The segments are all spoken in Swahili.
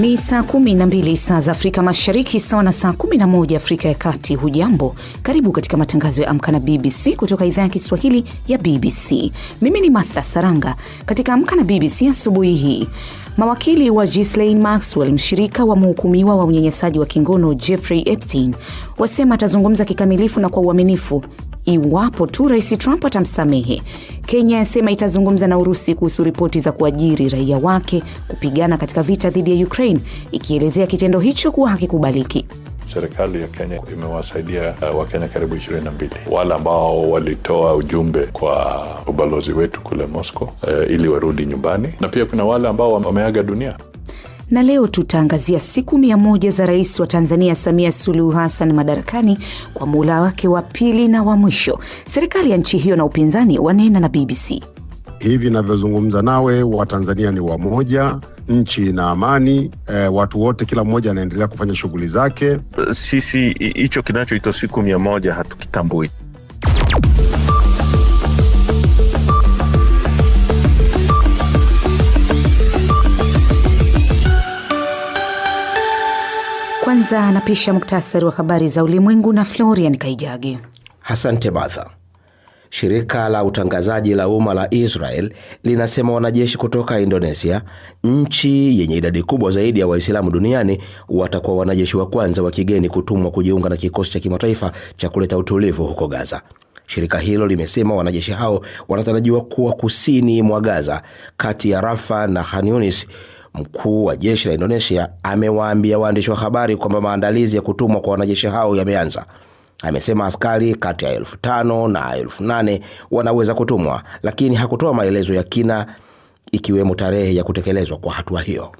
Ni saa 12 saa za Afrika Mashariki, sawa na saa 11 Afrika ya Kati. Hujambo, karibu katika matangazo ya Amka na BBC kutoka idhaa ya Kiswahili ya BBC. Mimi ni Martha Saranga. Katika Amka na BBC asubuhi hii Mawakili wa Ghislaine Maxwell, mshirika wa mhukumiwa wa unyanyasaji wa kingono Jeffrey Epstein, wasema atazungumza kikamilifu na kwa uaminifu iwapo tu Rais Trump atamsamehe. Kenya yasema itazungumza na Urusi kuhusu ripoti za kuajiri raia wake kupigana katika vita dhidi ya Ukraine, ikielezea kitendo hicho kuwa hakikubaliki. Serikali ya Kenya imewasaidia uh, Wakenya karibu 22 wale ambao walitoa ujumbe kwa ubalozi wetu kule Moscow uh, ili warudi nyumbani, na pia kuna wale ambao wameaga dunia na leo tutaangazia siku mia moja za rais wa Tanzania Samia Suluhu Hassan madarakani kwa muhula wake wa pili na wa mwisho. Serikali ya nchi hiyo na upinzani wanena na BBC. Hivi inavyozungumza nawe, Watanzania ni wamoja, nchi ina amani e, watu wote, kila mmoja anaendelea kufanya shughuli zake. Sisi hicho kinachoitwa siku mia moja hatukitambui. Kwanza anapisha muktasari wa habari za ulimwengu na Florian Kaijagi. Asante Martha. Shirika la utangazaji la umma la Israel linasema wanajeshi kutoka Indonesia, nchi yenye idadi kubwa zaidi ya Waislamu duniani, watakuwa wanajeshi wa kwanza wa kigeni kutumwa kujiunga na kikosi cha kimataifa cha kuleta utulivu huko Gaza. Shirika hilo limesema wanajeshi hao wanatarajiwa kuwa kusini mwa Gaza, kati ya Rafa na Khan mkuu wa jeshi la Indonesia amewaambia waandishi wa habari kwamba maandalizi ya kutumwa kwa wanajeshi hao yameanza. Amesema askari kati ya elfu tano na elfu nane wanaweza kutumwa, lakini hakutoa maelezo ya kina ikiwemo tarehe ya kutekelezwa kwa hatua hiyo.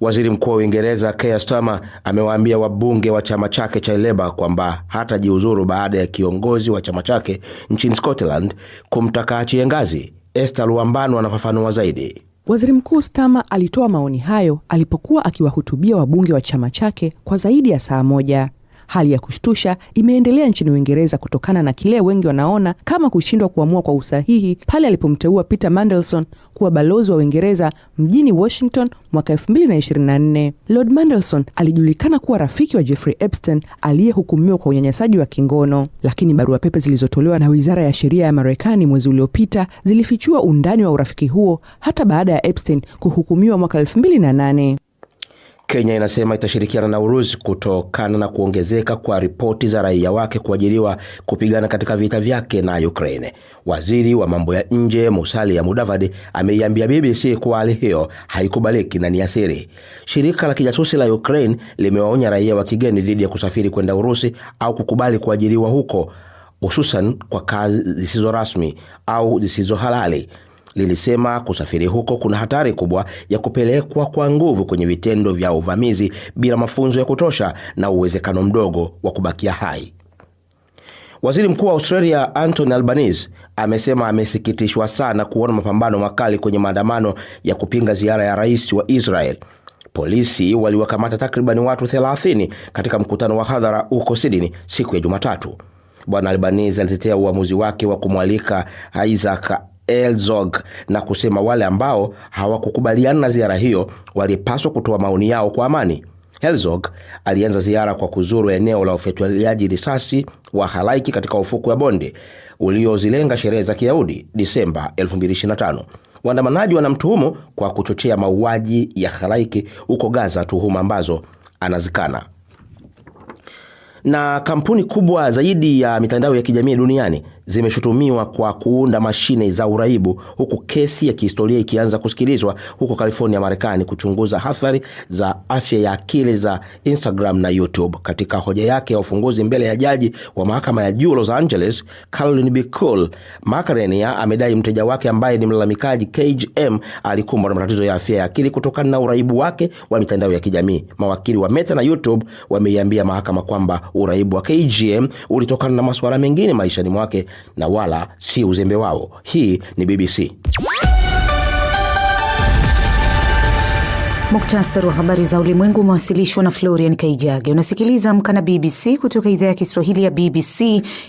Waziri Mkuu wa Uingereza Keir Starmer amewaambia wabunge wa chama chake cha Leba kwamba hatajiuzuru baada ya kiongozi wa chama chake nchini Scotland kumtaka achie ngazi. Esther Luambano anafafanua zaidi. Waziri Mkuu Stama alitoa maoni hayo alipokuwa akiwahutubia wabunge wa chama chake kwa zaidi ya saa moja. Hali ya kushtusha imeendelea nchini Uingereza kutokana na kile wengi wanaona kama kushindwa kuamua kwa usahihi pale alipomteua Peter Mandelson kuwa balozi wa Uingereza mjini Washington mwaka 224 Lord Mandelson alijulikana kuwa rafiki wa Jeffrey Epstein aliyehukumiwa kwa unyanyasaji wa kingono, lakini barua pepe zilizotolewa na Wizara ya Sheria ya Marekani mwezi uliopita zilifichua undani wa urafiki huo hata baada ya Epstein kuhukumiwa mwaka 28 Kenya inasema itashirikiana na Urusi kutokana na kuongezeka kwa ripoti za raia wake kuajiriwa kupigana katika vita vyake na Ukraine. Waziri wa mambo ya nje Musalia Mudavadi ameiambia BBC kuwa hali hiyo haikubaliki na ni asiri. Shirika la kijasusi la Ukraine limewaonya raia wa kigeni dhidi ya kusafiri kwenda Urusi au kukubali kuajiriwa huko, hususan kwa kazi zisizo rasmi au zisizo halali lilisema kusafiri huko kuna hatari kubwa ya kupelekwa kwa nguvu kwenye vitendo vya uvamizi bila mafunzo ya kutosha na uwezekano mdogo wa kubakia hai. Waziri Mkuu wa Australia Anthony Albanese amesema amesikitishwa sana kuona mapambano makali kwenye maandamano ya kupinga ziara ya rais wa Israel. Polisi waliwakamata takribani watu 30 katika mkutano wa hadhara huko Sydney siku ya Jumatatu. Bwana Albanese alitetea uamuzi wake wa kumwalika Isaac Elzog na kusema wale ambao hawakukubaliana na ziara hiyo walipaswa kutoa maoni yao kwa amani. Herzog alianza ziara kwa kuzuru eneo la ufyatuliaji risasi wa halaiki katika ufuku wa bonde uliozilenga sherehe za Kiyahudi Disemba 2025. Waandamanaji wanamtuhumu kwa kuchochea mauaji ya halaiki huko Gaza, tuhuma ambazo anazikana. Na kampuni kubwa zaidi ya mitandao ya kijamii duniani zimeshutumiwa kwa kuunda mashine za uraibu, huku kesi ya kihistoria ikianza kusikilizwa huko California, Marekani, kuchunguza athari za afya ya akili za Instagram na YouTube. Katika hoja yake ya ufunguzi mbele ya jaji wa mahakama ya juu Los Angeles, Caroline Bicol, Cole, Macarenia amedai mteja wake ambaye ni mlalamikaji KGM alikumbwa na matatizo ya afya ya akili kutokana na uraibu wake wa mitandao ya kijamii. Mawakili wa Meta na YouTube wameiambia mahakama kwamba uraibu wa KGM ulitokana na masuala mengine maishani mwake na wala si uzembe wao. Hii ni BBC. Muktasari wa habari za ulimwengu umewasilishwa na Florian Kaijage. Unasikiliza Amka na BBC kutoka idhaa ya Kiswahili ya BBC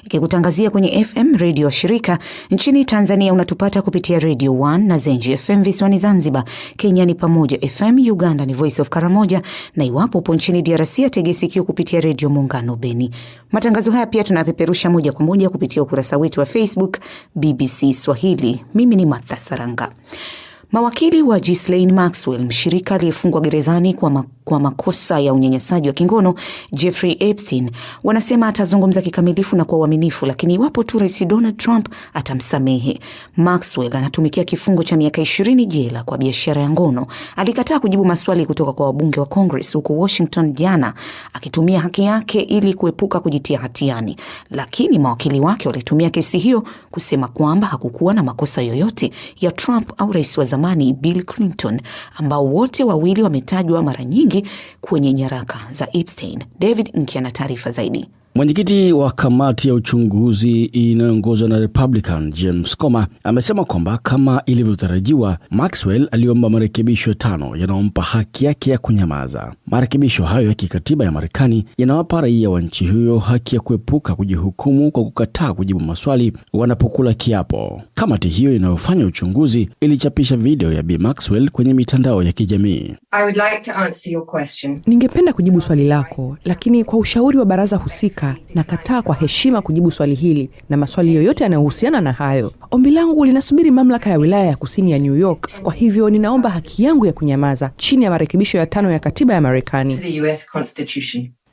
ikikutangazia kwenye FM redio shirika. Nchini Tanzania unatupata kupitia Radio 1 na Zenji FM visiwani Zanzibar. Kenya ni Pamoja FM, Uganda ni Voice of Karamoja na iwapo upo nchini DRC atege sikio kupitia Redio Muungano Beni. Matangazo haya pia tunapeperusha moja kwa moja kupitia ukurasa wetu wa Facebook BBC Swahili. Mimi ni Matha Saranga. Mawakili wa Ghislaine Maxwell, mshirika aliyefungwa gerezani kwa, ma kwa makosa ya unyanyasaji wa kingono Jeffrey Epstein, wanasema atazungumza kikamilifu na kwa uaminifu, lakini iwapo tu Rais Donald Trump atamsamehe. Maxwell anatumikia kifungo cha miaka ishirini jela kwa biashara ya ngono. Alikataa kujibu maswali kutoka kwa wabunge wa Congress huko Washington jana, akitumia haki yake ili kuepuka kujitia hatiani, lakini mawakili wake walitumia kesi hiyo kusema kwamba hakukuwa na makosa yoyote ya Trump au rais wa zamani zamani Bill Clinton ambao wote wawili wametajwa mara nyingi kwenye nyaraka za Epstein. David nkiana ana taarifa zaidi. Mwenyekiti wa kamati ya uchunguzi inayoongozwa na Republican James Comer amesema kwamba kama ilivyotarajiwa, Maxwell aliomba marekebisho tano yanayompa haki yake ya kunyamaza. Marekebisho hayo ya kikatiba ya Marekani yanawapa raia wa nchi hiyo haki ya kuepuka kujihukumu kwa kukataa kujibu maswali wanapokula kiapo. Kamati hiyo inayofanya uchunguzi ilichapisha video ya Bi Maxwell kwenye mitandao ya kijamii. I would like to answer your question. Ningependa kujibu swali lako, lakini kwa ushauri wa baraza husika haraka, nakataa kwa heshima kujibu swali hili na maswali yoyote yanayohusiana na hayo. Ombi langu linasubiri mamlaka ya wilaya ya kusini ya New York, kwa hivyo ninaomba haki yangu ya kunyamaza chini ya marekebisho ya tano ya katiba ya Marekani.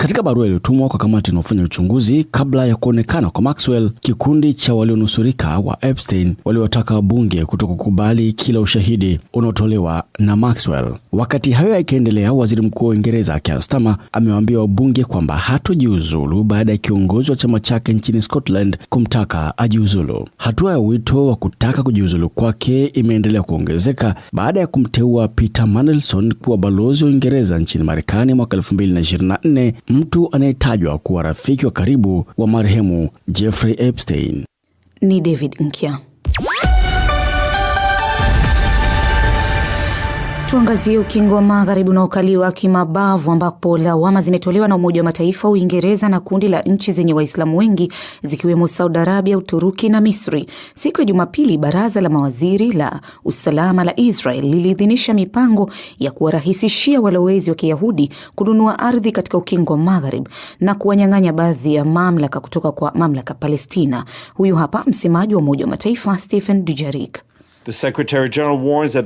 Katika barua iliyotumwa kwa kamati inaofanya uchunguzi kabla ya kuonekana kwa Maxwell, kikundi cha walionusurika wa Epstein waliwataka wabunge kutokukubali kila ushahidi unaotolewa na Maxwell. Wakati hayo yakiendelea, waziri mkuu wa Uingereza Keir Starmer amewaambia wabunge kwamba hatojiuzulu baada ya kiongozi wa chama chake nchini Scotland kumtaka ajiuzulu. Hatua ya wito wa kutaka kujiuzulu kwake imeendelea kuongezeka baada ya kumteua Peter Mandelson kuwa balozi wa Uingereza nchini Marekani mwaka 2024 mtu anayetajwa kuwa rafiki wa karibu wa marehemu Jeffrey Epstein. Ni David Nkya. Tuangazie ukingo wa magharibi unaokaliwa kimabavu ambapo lawama zimetolewa na Umoja wa Mataifa, Uingereza na kundi la nchi zenye Waislamu wengi zikiwemo Saudi Arabia, Uturuki na Misri. Siku ya Jumapili, baraza la mawaziri la usalama la Israel liliidhinisha mipango ya kuwarahisishia walowezi wa Kiyahudi kununua ardhi katika ukingo wa magharibi na kuwanyang'anya baadhi ya mamlaka kutoka kwa mamlaka Palestina. Huyu hapa msemaji wa Umoja wa Mataifa Stephen Dujarik.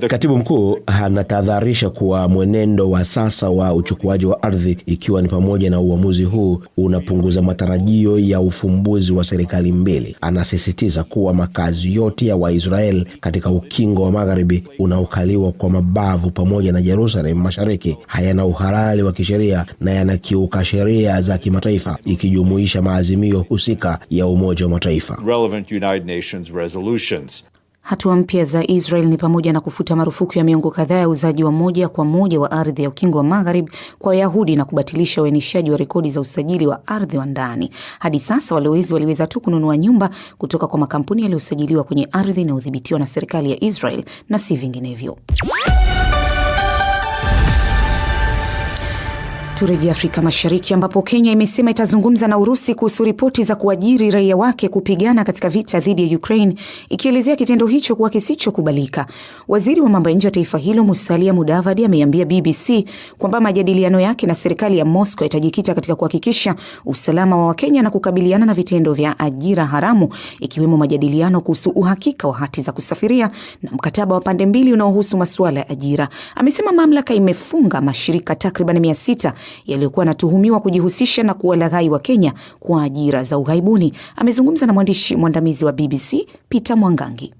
Katibu mkuu anatahadharisha kuwa mwenendo wa sasa wa uchukuaji wa ardhi, ikiwa ni pamoja na uamuzi huu, unapunguza matarajio ya ufumbuzi wa serikali mbili. Anasisitiza kuwa makazi yote ya waisrael katika ukingo wa magharibi unaokaliwa kwa mabavu pamoja na jerusalem mashariki hayana uhalali wa kisheria na yanakiuka sheria za kimataifa, ikijumuisha maazimio husika ya Umoja wa Mataifa. Hatua mpya za Israel ni pamoja na kufuta marufuku ya miongo kadhaa ya uuzaji wa moja kwa moja wa ardhi ya ukingo wa magharibi kwa Wayahudi na kubatilisha uainishaji wa rekodi za usajili wa ardhi wa ndani. Hadi sasa walowezi waliweza tu kununua nyumba kutoka kwa makampuni yaliyosajiliwa kwenye ardhi inayodhibitiwa na serikali ya Israel na si vinginevyo. Turejea Afrika Mashariki ambapo Kenya imesema itazungumza na Urusi kuhusu ripoti za kuajiri raia wake kupigana katika vita dhidi ya Ukraine, ikielezea kitendo hicho kuwa kisichokubalika. Waziri wa mambo ya nje wa taifa hilo Musalia Mudavadi ameambia BBC kwamba majadiliano yake na serikali ya Moscow yatajikita katika kuhakikisha usalama wa Wakenya na kukabiliana na vitendo vya ajira haramu, ikiwemo majadiliano kuhusu uhakika wa hati za kusafiria na mkataba wa pande mbili unaohusu masuala ya ajira. Amesema mamlaka imefunga mashirika takriban mia sita yaliyokuwa yanatuhumiwa kujihusisha na kuwalaghai wa Kenya kwa ajira za ughaibuni. Amezungumza na mwandishi mwandamizi wa BBC Peter Mwangangi.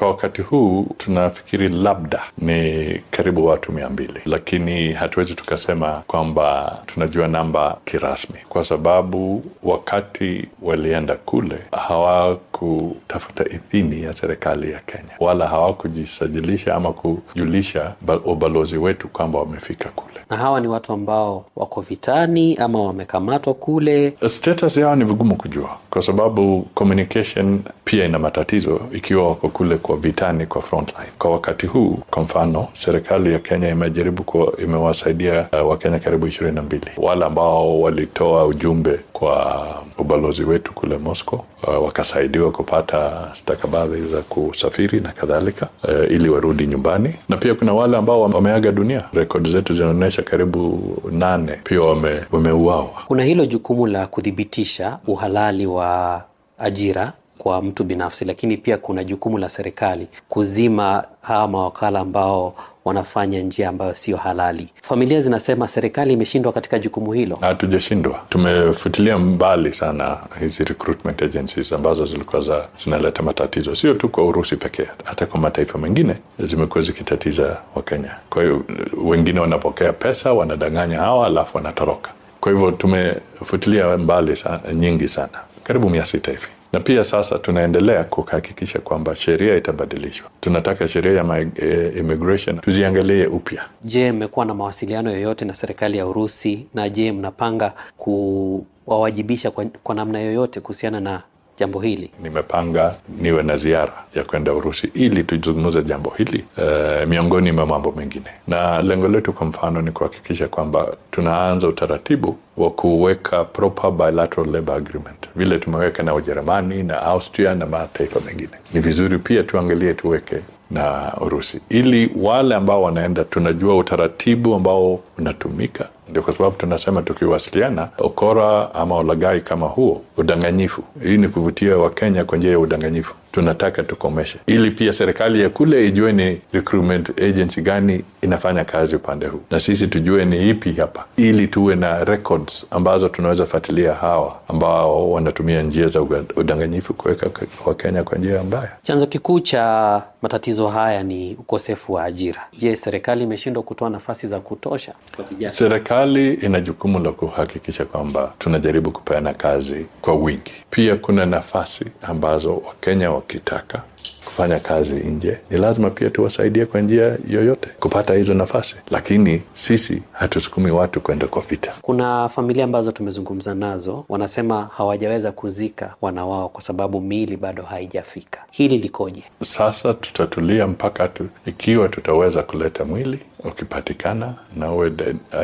Kwa wakati huu tunafikiri labda ni karibu watu mia mbili, lakini hatuwezi tukasema kwamba tunajua namba kirasmi, kwa sababu wakati walienda kule hawakutafuta idhini ya serikali ya Kenya wala hawakujisajilisha ama kujulisha ubalozi wetu kwamba wamefika kule. Na hawa ni watu ambao wako vitani ama wamekamatwa kule. Status yao ni vigumu kujua, kwa sababu communication pia ina matatizo ikiwa wako kule kwa vitani, kwa frontline kwa wakati huu. Kwa mfano, serikali ya Kenya imejaribu kwa, imewasaidia uh, Wakenya karibu ishirini na mbili wale ambao walitoa ujumbe kwa ubalozi wetu kule Moscow uh, wakasaidiwa kupata stakabadhi za kusafiri na kadhalika uh, ili warudi nyumbani, na pia kuna wale ambao wameaga dunia. Rekodi zetu zinaonyesha karibu nane pia wame, wameuawa. Kuna hilo jukumu la kuthibitisha uhalali wa ajira kwa mtu binafsi, lakini pia kuna jukumu la serikali kuzima hawa mawakala ambao wanafanya njia ambayo sio halali. Familia zinasema serikali imeshindwa katika jukumu hilo. Hatujashindwa, tumefutilia mbali sana hizi recruitment agencies ambazo zilikuwa zinaleta matatizo, sio tu kwa Urusi pekee, hata kwa mataifa mengine zimekuwa zikitatiza Wakenya. Kwa hiyo wengine wanapokea pesa, wanadanganya hawa, alafu wanatoroka. Kwa hivyo tumefutilia mbali sana, nyingi sana, karibu mia sita hivi na pia sasa tunaendelea kuhakikisha kwamba sheria itabadilishwa. Tunataka sheria ya eh, immigration tuziangalie upya. Je, mmekuwa na mawasiliano yoyote na serikali ya Urusi na je, mnapanga kuwawajibisha kwa, kwa namna yoyote kuhusiana na jambo hili. Nimepanga niwe na ziara ya kwenda Urusi ili tuzungumze jambo hili e, miongoni mwa mambo mengine, na lengo letu kwa mfano ni kuhakikisha kwamba tunaanza utaratibu wa kuweka proper bilateral labor agreement vile tumeweka na Ujerumani na Austria na mataifa mengine. Ni vizuri pia tuangalie tuweke na Urusi, ili wale ambao wanaenda, tunajua utaratibu ambao unatumika. Ndio kwa sababu tunasema tukiwasiliana, ukora ama ulagai kama huo, udanganyifu. Hii ni kuvutia Wakenya kwa njia ya udanganyifu tunataka tukomeshe, ili pia serikali ya kule ijue ni recruitment agency gani inafanya kazi upande huu na sisi tujue ni ipi hapa, ili tuwe na records ambazo tunaweza fuatilia hawa ambao wanatumia njia za udanganyifu kuweka Wakenya kwa njia mbaya. Chanzo kikuu cha matatizo haya ni ukosefu wa ajira. Je, serikali imeshindwa kutoa nafasi za kutosha kwa vijana? Serikali ina jukumu la kuhakikisha kwamba tunajaribu kupeana kazi kwa wingi. Pia kuna nafasi ambazo Wakenya wa ukitaka kufanya kazi nje, ni lazima pia tuwasaidie kwa njia yoyote kupata hizo nafasi, lakini sisi hatusukumi watu kwenda kwa vita. Kuna familia ambazo tumezungumza nazo, wanasema hawajaweza kuzika wana wao kwa sababu miili bado haijafika. Hili likoje? Sasa tutatulia mpaka tu, ikiwa tutaweza kuleta mwili ukipatikana na uwe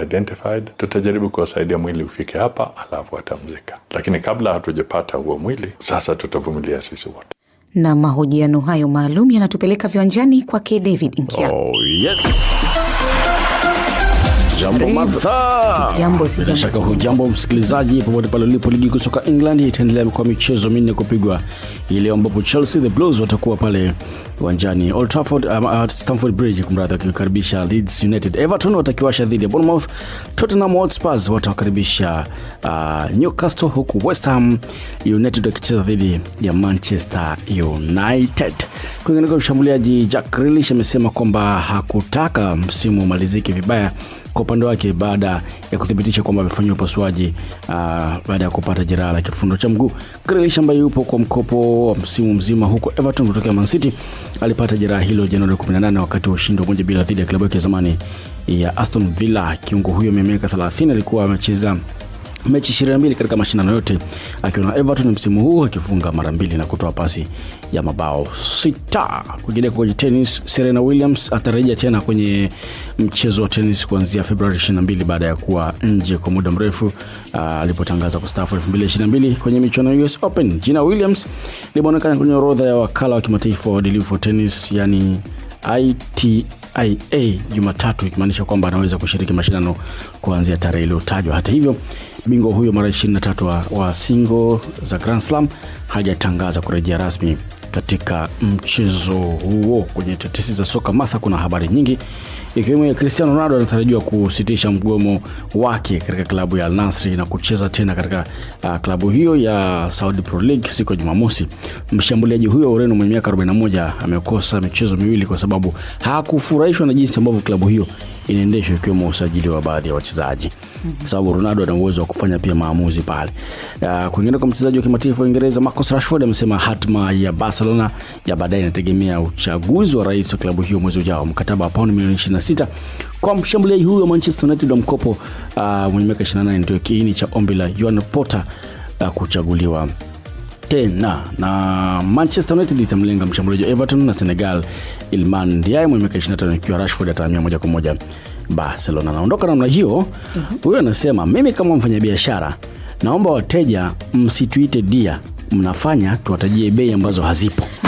identified, tutajaribu kuwasaidia mwili ufike hapa, alafu atamzika. Lakini kabla hatujapata huo mwili, sasa tutavumilia sisi wote na mahojiano hayo maalum yanatupeleka viwanjani kwake David Nkia. Oh, yes. Jambo Martha. Jambo si jambo. Shaka hujambo msikilizaji popote pale ulipo. Ligi kusoka England itaendelea kwa michezo minne kupigwa hii leo ambapo Chelsea the Blues watakuwa pale uwanjani Old Trafford, um, uh, Stamford Bridge kumradhi, wakiwakaribisha Leeds United. Everton watakiwasha dhidi ya Bournemouth. Tottenham Hotspur watawakaribisha uh, Newcastle, huku West Ham United wakicheza dhidi ya Manchester United. Kwingineko, mshambuliaji Jack Grealish amesema kwamba hakutaka msimu umalizike vibaya kwa upande wake baada ya kuthibitisha kwamba amefanyiwa upasuaji uh, baada ya kupata jeraha la kifundo cha mguu. Grealish ambaye yupo kwa mkopo wa msimu mzima huko Everton kutokea Man City alipata jeraha hilo Januari 18 wakati wa ushindi wa moja bila dhidi ya klabu yake ya zamani ya Aston Villa. Kiungo huyo mwenye miaka 30 alikuwa amecheza mechi 22 katika mashindano yote akiwa na Everton msimu huu akifunga mara mbili na kutoa pasi ya mabao sita. Kwingineko kwenye tennis Serena Williams atarejea tena kwenye mchezo wa tenis kuanzia Februari 22 baada ya kuwa nje kwa muda mrefu ah, alipotangaza kustafu 2022 kwenye michuano ya US Open. Jina Williams limeonekana kwenye orodha ya wakala wa kimataifa wa uadilifu yani ITIA Jumatatu, ikimaanisha kwamba anaweza kushiriki mashindano kuanzia tarehe iliyotajwa. Hata hivyo, bingwa huyo mara 23 wa, wa single za Grand Slam hajatangaza kurejea rasmi katika mchezo huo. Kwenye tetesi za soka Martha, kuna habari nyingi ikiwemo Cristiano Ronaldo anatarajiwa kusitisha mgomo wake katika klabu ya Al Nassr na kucheza tena katika uh, klabu hiyo ya Saudi Pro League siku ya Jumamosi. Mshambuliaji huyo Ureno mwenye miaka 41 amekosa michezo miwili kwa sababu hakufurahishwa na jinsi ambavyo klabu hiyo inaendeshwa ikiwemo usajili wa baadhi ya wachezaji mm -hmm. Sababu Ronaldo ana uwezo wa kufanya pia maamuzi pale. Uh, ah, kwingine kwa mchezaji wa kimataifa wa Uingereza Marcus Rashford amesema hatma ya Barcelona ya baadaye inategemea uchaguzi wa rais wa klabu hiyo mwezi ujao. Mkataba wa pauni milioni 26 kwa mshambuliaji huyu wa Manchester United wa mkopo uh, mwenye miaka 28 ndio kiini cha ombi la Joan Potter uh, kuchaguliwa tena na Manchester United itamlenga mshambuliaji wa Everton na Senegal ilman Ndiaye mwenye miaka 25 ikiwa Rashford atahamia moja kwa moja Barcelona. Naondoka namna hiyo mhm. huyo. Uh-huh. Anasema mimi kama mfanyabiashara naomba wateja msituite dia, mnafanya tuwatajie bei ambazo hazipo.